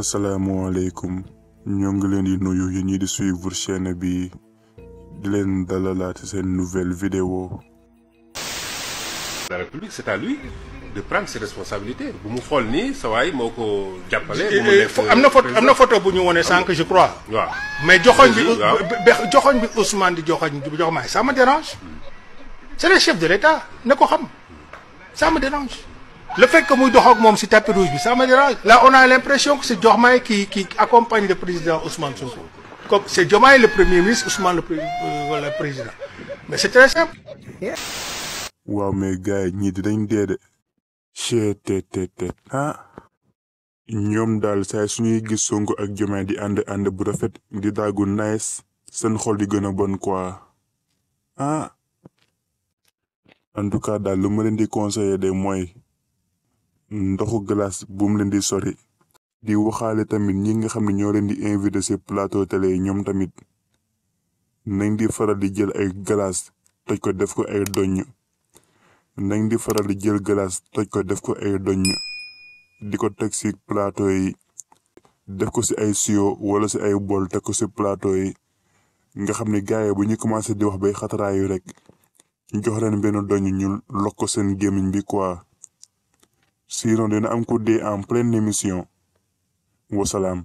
asalaamaaleykum ñoo ngi leen di nuyu yi ñi di suivre chaîne bi di leen dalalaat seen nouvelle vidéo la République c'est à lui de prendre ses responsabilités bu mu xool nii sa waay moo ko jàppale. Eh, eh, am na photo am na photo bu ñu wone sànq je crois. waaw mais joxoñ bi joxoñ bi Ousmane di joxoñ di jox maay ça me dérange hmm. c'est le chef de l'État na ko xam ça me dérange le fait que muy dox ak si tapis rouge bi ça me dérange. là on a l'impression que c'est Diomaye qui qui accompagne le président Ousmane Sonko comme c'est Diomaye le premier ministre Ousmane le euh, le président mais c'est très simple. Wow, mais gars yi ñii dinañ dee de. cttt ah. ñoom dal sa suñuy gis Sonko ak Diomaye di ande ande bu rafet di daagu nice sen xol di gën bon quoi ah. en tout cas daal lu ma di conseiller de ndoxu glace bu leen di sori. di waxaale tamit ñi nga xam ne ñoo leen di invité ci plateau télé ñoom tamit nañ di faral di jël ay glace toj ko def ko ay doñ nañ di faral di jël glace toj ko def ko ay doññ di ko teg ci plateau yi def ko si ay siyo wala si ay bool teg ko ci plateau yi nga xam ne gars yi bu ñu commencé di wax bay xataraayu rek ñu jox leen benn doññ ñu lokk ko seen gémmiñ bi quoi. sinon dina am ku dee en pleine émission salam.